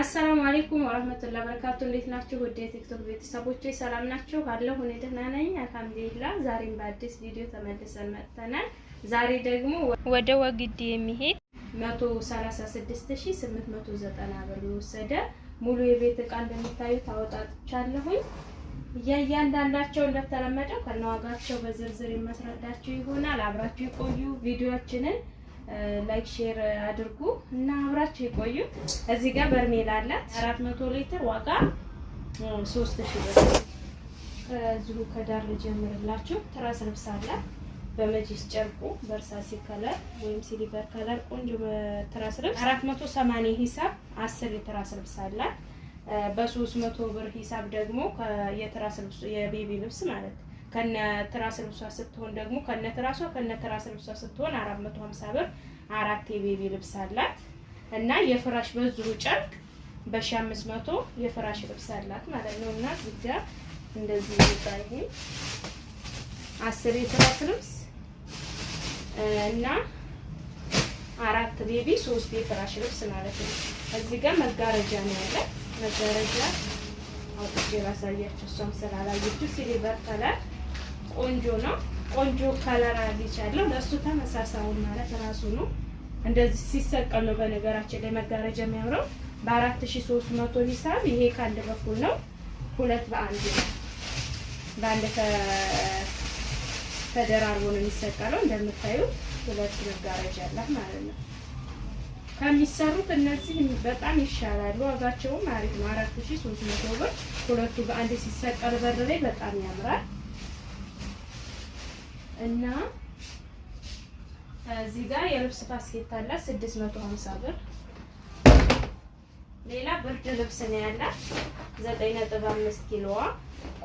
አሰላሙ አሌይኩም ወረህመቱላ በረካቱ። እንዴት ናችሁ? ውድ የቲክቶክ ቤተሰቦች ሰላም ናችሁ? አለሁ እኔ ደህና ነኝ አልሐምዱሊላ። ዛሬም በአዲስ ቪዲዮ ተመልሰን መጥተናል። ዛሬ ደግሞ ወደ ወግዲ የሚሄድ 136890 ብር የወሰደ ሙሉ የቤት እቃ እንደሚታዩት አወጣጥቻለሁኝ። እያንዳንዳቸው እንደተለመደው ከነዋጋቸው በዝርዝር የማስረዳችሁ ይሆናል። አብራችሁ የቆዩ ቪዲዮችንን ላይክ ሼር አድርጉ እና አብራችሁ ይቆዩ። እዚህ ጋር በርሜል አላት 400 ሊትር ዋጋ 3000 ብር። ከዚሁ ከዳር ልጀምርላችሁ። ትራስ ልብስ አላት በመጅስ ጨርቁ በእርሳሲ ከለር ወይም ሲሊቨር ከለር ቆንጆ ትራስ ልብስ 480 ሂሳብ 10 የትራስ ልብስ አላት። በ300 ብር ሂሳብ ደግሞ የትራስ ልብስ የቤቢ ልብስ ማለት ነው ከነ ትራስ ልብሷ ስትሆን ደግሞ ከነ ትራሷ ከነ ትራስ ልብሷ ስትሆን 450 ብር አራት የቤቢ ልብስ አላት እና የፍራሽ በዙሩ ጨርቅ በ1500 የፍራሽ ልብስ አላት ማለት ነው። እና ግዳ እንደዚህ ይባል አስር የትራስ ልብስ እና አራት ቤቢ ሶስት የፍራሽ ልብስ ማለት ነው። እዚህ ጋር መጋረጃ ነው ያለ መጋረጃ አውጥቼ ላሳያችሁ እሷም ስላላየችው ሲሊቨር ከለር ቆንጆ ነው። ቆንጆ ከለር አሊች ያለው ለእሱ ተመሳሳውን ማለት ራሱ ነው። እንደዚህ ሲሰቀል ነው በነገራችን ላይ መጋረጃ የሚያምረው። በአራት ሺህ ሦስት መቶ ሂሳብ ይሄ ከአንድ በኩል ነው። ሁለት በአንድ ነው። በአንድ ተደራርቦ ነው የሚሰቀለው። እንደምታዩት ሁለት መጋረጃ አላት ማለት ነው። ከሚሰሩት እነዚህ በጣም ይሻላሉ። ዋጋቸውም አሪፍ ነው። አራት መቶ ብር ሁለቱ በአንድ ሲሰቀል በር ላይ በጣም ያምራል። እና እዚህ ጋር የልብስ ባስኬት አለ 650 ብር። ሌላ ብርድ ልብስ ነው ያላት 9.5 ኪሎዋ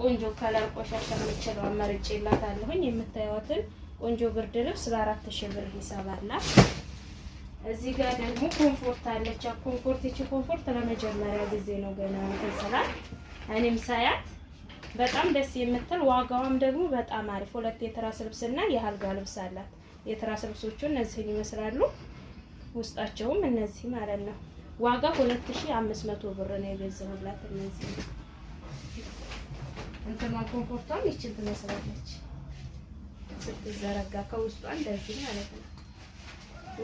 ቆንጆ ከለር ቆሻሻ የምችለው መርጬላታለሁኝ። የምታዩዋትን ቆንጆ ብርድ ልብስ በአራት ሺህ ብር ሂሳብ አላት። እዚህ ጋር ደግሞ ኮምፎርት አለች። ኮምፎርት ይቺ ኮምፎርት ለመጀመሪያ ጊዜ ነው ገና ተሰራ እኔም ሳያት በጣም ደስ የምትል ዋጋዋም ደግሞ በጣም አሪፍ ሁለት የትራስ ልብስና የአልጋ ልብስ አላት። የትራስ ልብሶቹ እነዚህን ይመስላሉ። ውስጣቸውም እነዚህ ማለት ነው። ዋጋ 2500 ብር ነው የገዛሁላት። እነዚህ እንትና ኮምፎርቷም ይችን ትመስላለች ስትዘረጋ ከውስጧ እንደዚህ ማለት ነው።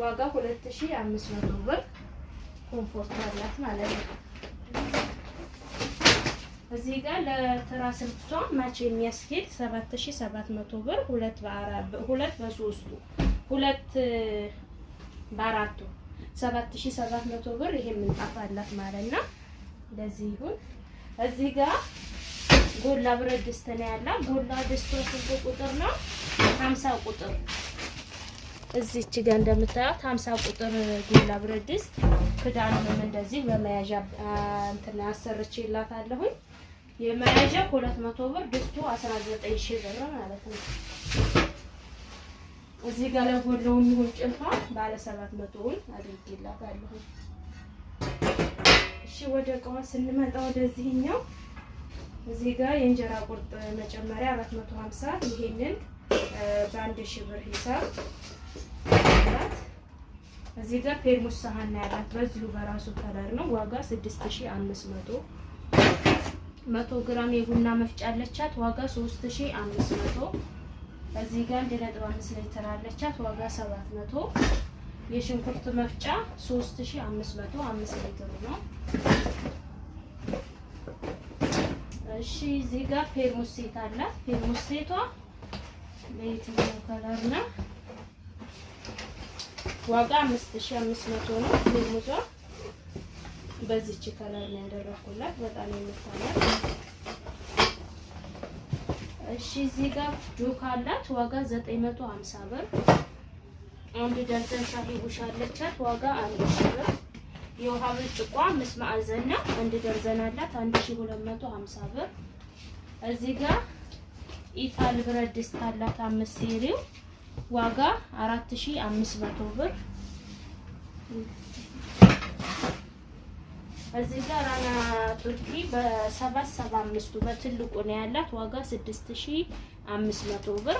ዋጋ 2500 ብር ኮምፎርት አላት ማለት ነው። እዚህ ጋር ለትራስ ልብሷ የሚያስኬድ 7700 ብር ሁለት ሁለት በሶስቱ ሁለት በአራቱ 7700 ብር ይሄ ምንጣፍ አላት ማለት ነው። ለዚህ ይሁን። እዚህ ጋር ጎላ ብረት ድስት ነው ያላት። ጎላ ድስቶ ስንት ቁጥር ነው? 50 ቁጥር እዚች ጋር እንደምታዩት 50 ቁጥር ጎላ ብረት ድስት ክዳኑንም እንደዚህ በመያዣ እንትን አሰርቼላታለሁኝ። የመያዣ 200 ብር ድስቱ 19 ሺህ ብር ማለት ነው። እዚህ ጋር ለጎለው የሚሆን ጭልፋ ባለ 700ውን አድርጌላታለሁ። እሺ ወደ እቃዋ ስንመጣ ወደዚህኛው እዚህ ጋር የእንጀራ ቁርጥ መጨመሪያ 450 ይሄንን በአንድ ሺህ ብር ሂሳብ እዚህ ጋር ፌርሙስ ሳህን ያላት በዚሁ በራሱ ከለር ነው። ዋጋ 6500 መቶ ግራም የቡና መፍጫ አለቻት ዋጋ 3500። እዚህ ጋር 1.5 ሊትር አለቻት ዋጋ 700። የሽንኩርት መፍጫ 3500 5 ሊትር ነው። እሺ እዚህ ጋር ፌርሙስ ሴት አላት። ፌርሙስ ሴቷ በየትኛው ከለር ነው? ዋጋ 5500 ነው ፌርሙሷ በዚች ከለር ነው ያደረኩላት። በጣም የምታምር እሺ። እዚህ ጋር ጆካ አላት። ዋጋ 950 ብር። አንድ ደርዘን ሻሂ ቡሽ አለቻት። ዋጋ 1000 ብር። የውሃ ብርጭቋ አምስት ማዕዘን ነው። አንድ ደርዘን አላት። 1250 ብር። እዚህ ጋር ኢታል ብረት ድስት አላት። አምስት ሴሪው ዋጋ 4500 ብር እዚህ ጋር ራና ቱርኪ በሰባት ሰባ አምስቱ በትልቁ ነው ያላት ዋጋ ስድስት ሺህ አምስት መቶ ብር።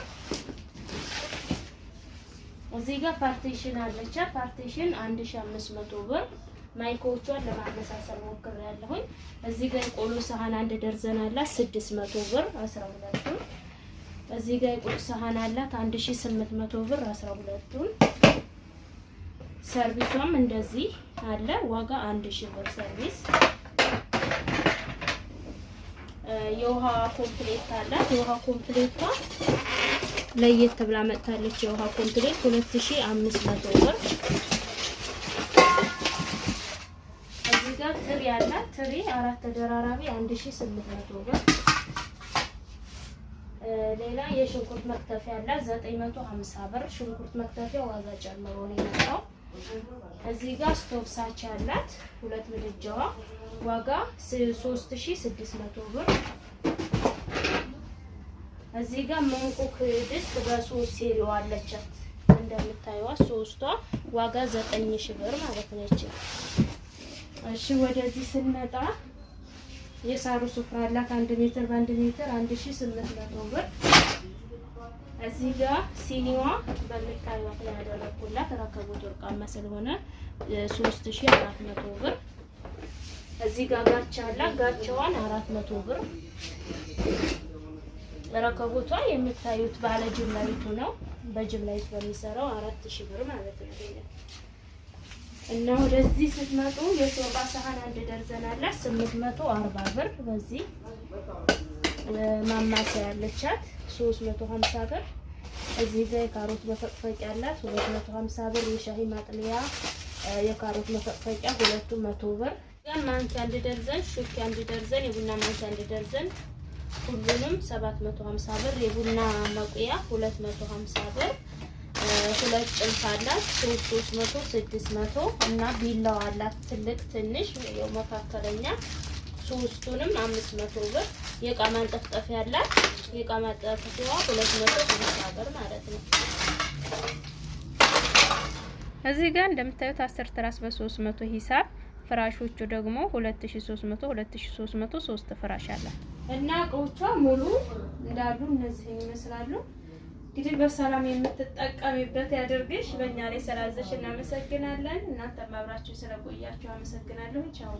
እዚህ ጋር ፓርቴሽን አለቻ ፓርቴሽን አንድ ሺህ አምስት መቶ ብር። ማይኮቿን ለማመሳሰል ሞክሬያለሁኝ። እዚህ ጋር የቆሎ ሰሃን አንድ ደርዘን አላት ስድስት መቶ ብር አስራ ሁለቱን እዚህ ጋር የቁጭ ሰሃን አላት አንድ ሺህ ስምንት መቶ ብር አስራ ሁለቱን ሰርቪሷም እንደዚህ አለ። ዋጋ አንድ ሺህ ብር ሰርቪስ። የውሃ ኮምፕሌት አለ። የውሃ ኮምፕሌቷ ለየት ብላ መጥታለች። የውሃ ኮምፕሌት 2500 ብር። እዚህ ትሪ አለ። ትሪ አራት ተደራራቢ 1800 ብር። ሌላ የሽንኩርት መክተፊያ አለ 950 ብር። ሽንኩርት መክተፊያ ዋጋ ጨምሮ ነው የመጣው። እዚህ ጋር ስቶቭ ሳች ያላት ሁለት ምድጃዋ ዋጋ 3600 ብር። እዚህ ጋር መንቁክ ድስት በሶስት ሴሪ አለቻት እንደምታዩዋ ሶስቷ ዋጋ 9000 ብር ማለት ነች። እሺ ወደዚህ ስንመጣ የሳሩ ስፍራ አላት 1 ሜትር በ1 ሜትር 1800 ብር እዚህ ጋር ሲኒዋ በሚታዩት ላይ ያደረኩላት ረከቦት ወርቃማ ስለሆነ 3400 ብር። እዚህ ጋር ጋቻ አላት። ጋቻዋን 400 ብር። ረከቦቷ የምታዩት ባለ ጅምላይቱ ነው። በጅምላይት በሚሰራው 4000 ብር ማለት ነው። እና ወደዚህ ስትመጡ የሾርባ ሰሃን አንድ ደርዘን አላት 840 ብር በዚህ ማማሰያ ያለቻት 350 ብር። እዚህ ጋር የካሮት መፈቅፈቂያ አላት 250 ብር። የሻሂ ማጥለያ የካሮት መፈቅፈቂያ ሁለቱ መቶ ብር። ጋር ማንኪያ አንድ ደርዘን፣ ሹኪ አንድ ደርዘን፣ የቡና ማንኪያ አንድ ደርዘን ሁሉንም 750 ብር። የቡና መቁያ 250 ብር። ሁለት ጭልፍ አላት 300 600 እና ቢላዋ አላት ትልቅ ትንሽ የው መካከለኛ ሶስቱንም አምስት መቶ ብር የእቃ ማንጠፍጠፊያ ያላት የእቃ ማንጠፍጠፊያዋ ሁለት መቶ ብር ማለት ነው። እዚህ ጋር እንደምታዩት አስር ትራስ በሶስት መቶ ሂሳብ ፍራሾቹ ደግሞ ሁለት ሺ ሶስት ፍራሽ አለ እና እቃዎቿ ሙሉ እንዳሉ እነዚህ ይመስላሉ። እንግዲህ በሰላም የምትጠቀሚበት ያድርግሽ። በእኛ ላይ ስላዘሽ እናመሰግናለን። እናንተም ማብራችሁ ስለቆያችሁ አመሰግናለሁ። ቻው